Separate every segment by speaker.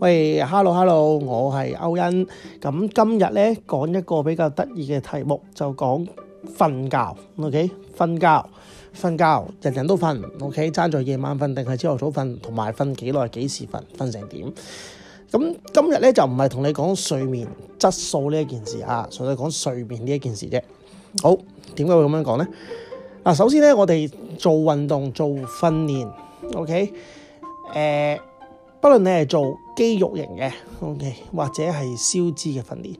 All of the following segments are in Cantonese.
Speaker 1: 喂，hello hello，我係歐恩，咁今日咧，講一個比較得意嘅題目，就講瞓覺，ok，瞓覺，瞓覺，人人都瞓，ok，爭在夜晚瞓定係朝頭早瞓，同埋瞓幾耐，幾時瞓，瞓成點？咁今日咧就唔係同你講睡眠質素呢一件事啊，純粹講睡眠呢一件事啫。好，點解會咁樣講咧？嗱，首先咧我哋做運動做訓練，ok，誒、欸。不論你係做肌肉型嘅，OK，或者係消脂嘅訓練，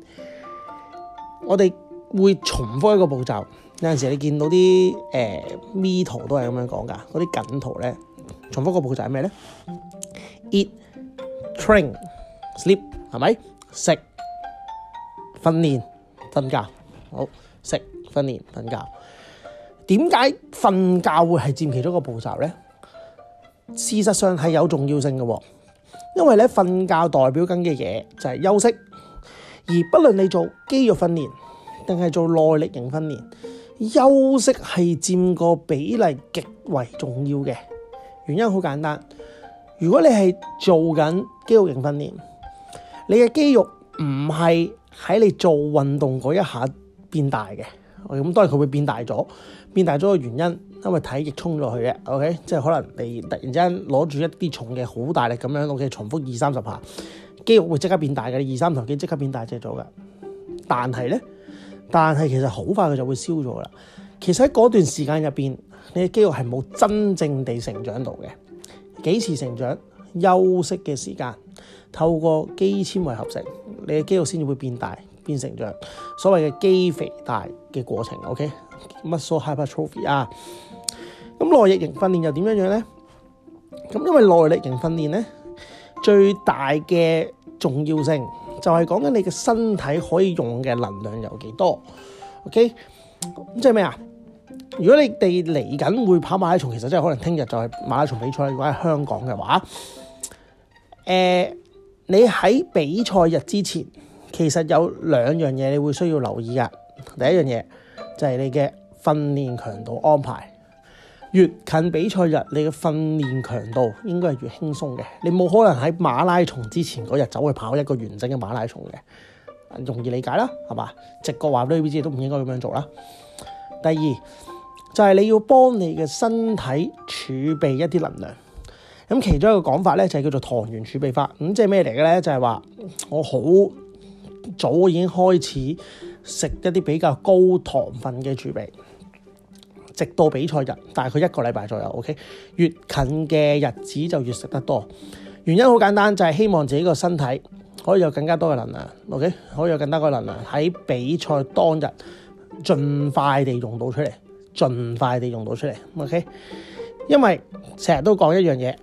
Speaker 1: 我哋會重複一個步驟。有陣時你見到啲誒咪圖都係咁樣講噶，嗰啲緊圖咧，重複個步驟係咩咧？Eat, train, sleep，係咪？食，訓練，瞓覺？好，食，訓練，瞓覺。點解瞓覺會係佔其中一個步驟咧？事實上係有重要性嘅喎。因為咧，瞓覺代表緊嘅嘢就係、是、休息，而不論你做肌肉訓練定係做耐力型訓練，休息係佔個比例極為重要嘅。原因好簡單，如果你係做緊肌肉型訓練，你嘅肌肉唔係喺你做運動嗰一下變大嘅，咁當然佢會變大咗，變大咗嘅原因。因為體液衝咗去嘅，OK，即係可能你突然之間攞住一啲重嘅好大力咁樣，OK，重複二三十下，肌肉會即刻變大嘅，你二三頭肌即刻變大隻咗嘅。但係咧，但係其實好快佢就會消咗啦。其實喺嗰段時間入邊，你嘅肌肉係冇真正地成長到嘅。幾時成長、休息嘅時間，透過肌纖維合成，你嘅肌肉先至會變大、變成長，所謂嘅肌肥大嘅過程，OK，muscle hypertrophy 啊。OK? Okay? 咁耐力型訓練又點樣樣呢？咁因為耐力型訓練呢，最大嘅重要性就係講緊你嘅身體可以用嘅能量有幾多。OK，咁即係咩啊？如果你哋嚟緊會跑馬拉松，其實真係可能聽日就係馬拉松比賽。如果喺香港嘅話，呃，你喺比賽日之前，其實有兩樣嘢，你會需要留意噶。第一樣嘢就係、是、你嘅訓練強度安排。越近比賽日，你嘅訓練強度應該係越輕鬆嘅。你冇可能喺馬拉松之前嗰日走去跑一個完整嘅馬拉松嘅，容易理解啦，係嘛？直覺話都知都唔應該咁樣做啦。第二就係你要幫你嘅身體儲備一啲能量。咁其中一個講法咧就係叫做糖原儲備法。咁即係咩嚟嘅咧？就係話我好早已經開始食一啲比較高糖分嘅儲備。直到比賽日，大概一個禮拜左右。OK，越近嘅日子就越食得多。原因好簡單，就係希望自己個身體可以有更加多嘅能量。OK，可以有更加多嘅能量喺比賽當日盡快地用到出嚟，盡快地用到出嚟。OK，因為成日都講一樣嘢，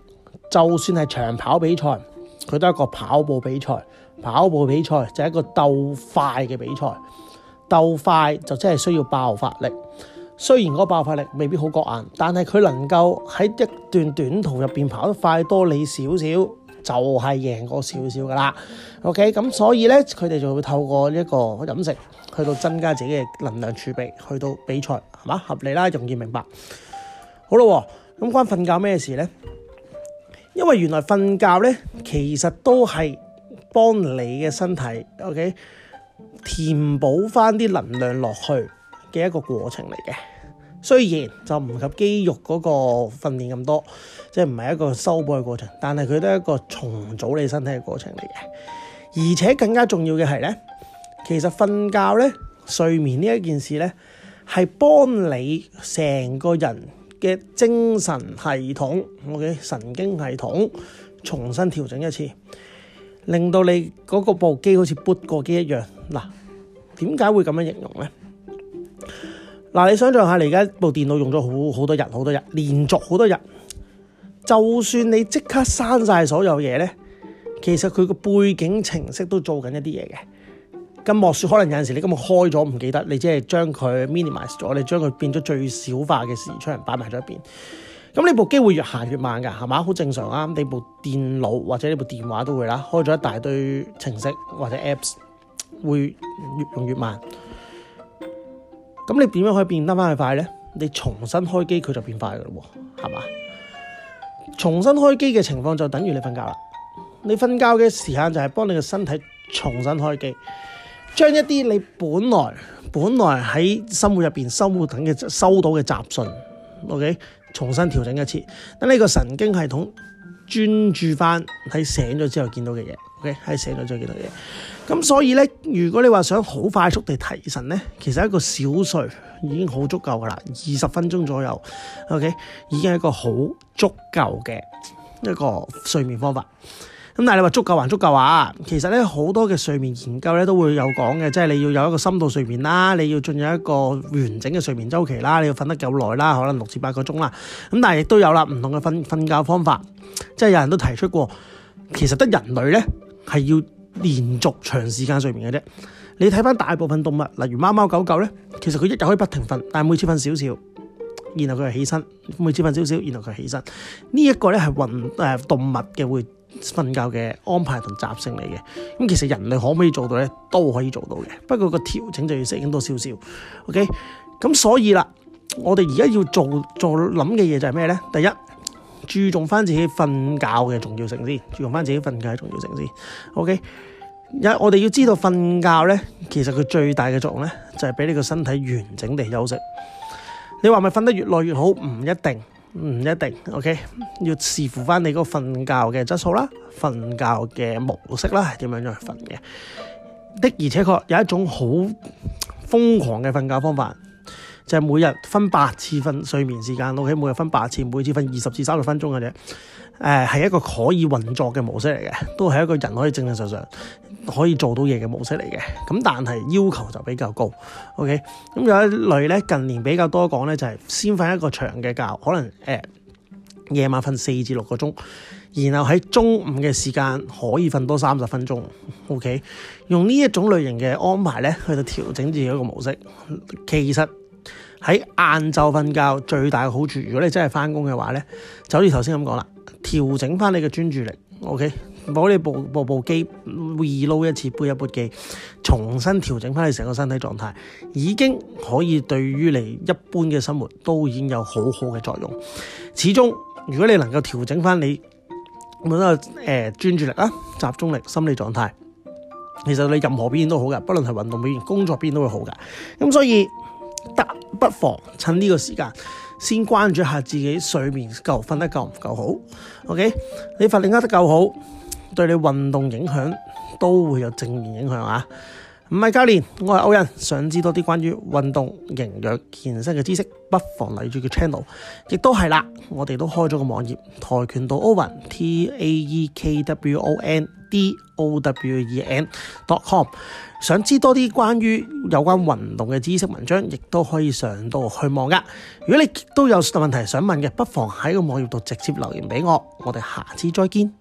Speaker 1: 就算係長跑比賽，佢都係一個跑步比賽，跑步比賽就係一個鬥快嘅比賽，鬥快就真係需要爆發力。雖然個爆發力未必好過硬，但係佢能夠喺一段短途入邊跑得快多你少少，就係贏過少少噶啦。OK，咁所以咧，佢哋就會透過一個飲食去到增加自己嘅能量儲備，去到比賽，係嘛？合理啦，容易明白。好喎，咁關瞓覺咩事咧？因為原來瞓覺咧，其實都係幫你嘅身體 OK 填補翻啲能量落去。嘅一個過程嚟嘅，雖然就唔及肌肉嗰個訓練咁多，即係唔係一個修補嘅過程，但係佢都係一個重組你身體嘅過程嚟嘅。而且更加重要嘅係咧，其實瞓覺咧，睡眠呢一件事咧，係幫你成個人嘅精神系統，OK，神經系統重新調整一次，令到你嗰個部機好似 boot 過機一樣。嗱，點解會咁樣形容咧？嗱、啊，你想象下，你而家部電腦用咗好好多日，好多日，連續好多日，就算你即刻刪晒所有嘢咧，其實佢個背景程式都做緊一啲嘢嘅。咁莫說可能有陣時你今日開咗唔記得，你即係將佢 minimize 咗，你將佢變咗最小化嘅視窗擺埋咗一邊。咁呢部機會越行越慢噶，係嘛？好正常啊，你部電腦或者你部電話都會啦，開咗一大堆程式或者 apps，會越用越慢。咁你點樣可以變得翻去快呢？你重新開機佢就變快噶咯喎，係嘛？重新開機嘅情況就等於你瞓覺啦。你瞓覺嘅時間就係幫你嘅身體重新開機，將一啲你本來本來喺生活入邊生活等嘅收到嘅雜訊，OK，重新調整一次。等呢個神經系統專注翻喺醒咗之後見到嘅嘢。O K，喺社日咗幾多嘢，咁所以咧，如果你話想好快速地提神咧，其實一個小睡已經好足夠噶啦，二十分鐘左右，O、okay? K，已經係一個好足夠嘅一個睡眠方法。咁但係你話足夠還足夠啊？其實咧，好多嘅睡眠研究咧都會有講嘅，即係你要有一個深度睡眠啦，你要進入一個完整嘅睡眠周期啦，你要瞓得夠耐啦，可能六至八個鐘啦。咁但係亦都有啦，唔同嘅瞓瞓覺方法，即係有人都提出過，其實得人類咧。係要連續長時間睡眠嘅啫。你睇返大部分動物，例如貓貓狗狗咧，其實佢一日可以不停瞓，但每次瞓少少，然後佢起身，每次瞓少少，然後佢起身。呢一個咧係運誒動物嘅會瞓覺嘅安排同習性嚟嘅。咁其實人類可唔可以做到咧？都可以做到嘅。不過個調整就要適應多少少。OK。咁所以啦，我哋而家要做做諗嘅嘢就係咩咧？第一。注重翻自己瞓覺嘅重要性先，注重翻自己瞓覺嘅重要性先。OK，一我哋要知道瞓覺咧，其實佢最大嘅作用咧，就係俾你個身體完整地休息。你話咪瞓得越耐越好？唔一定，唔一定。OK，要視乎翻你個瞓覺嘅質素啦，瞓覺嘅模式啦，點樣樣去瞓嘅。的而且確有一種好瘋狂嘅瞓覺方法。就係，是，每日分八次瞓睡，睡眠時間，O K，每日分八次，每次瞓二十至三十分鐘嘅啫。係，呃、一個可以運作嘅模式嚟嘅，都係一個人可以正正常常可以做到嘢嘅模式嚟嘅。咁但係要求就比較高，O K。咁，okay? 有一類咧，近年比較多講咧，就係，是，先瞓一個長嘅覺，可能誒、呃、夜晚瞓四至六個鐘，然後喺中午嘅時間可以瞓多三十分鐘，O K。Okay? 用呢一種類型嘅安排咧，去到調整自己嘅一個模式，其實。喺晏晝瞓覺最大嘅好處，如果你真係翻工嘅話咧，就好似頭先咁講啦，調整翻你嘅專注力，OK，把你部部部機 reload 一次，背一背機，重新調整翻你成個身體狀態，已經可以對於你一般嘅生活都已經有很好好嘅作用。始終，如果你能夠調整翻你嗰誒專注力、集中力、心理狀態，其實你任何表現都好嘅，不論係運動表現、工作表現都會好噶。咁所以。不妨趁呢個時間，先關注下自己睡眠夠瞓得夠唔夠好。OK，你瞓得啱得夠好，對你運動影響都會有正面影響啊。唔係教練，我係歐仁，想知多啲關於運動、營養、健身嘅知識，不妨嚟住個 channel，亦都係啦，我哋都開咗個網頁，跆拳道 Owen T A E K W O N D O W E N dot com，想知多啲關於有關運動嘅知識文章，亦都可以上到去望噶。如果你都有問題想問嘅，不妨喺個網頁度直接留言俾我，我哋下次再見。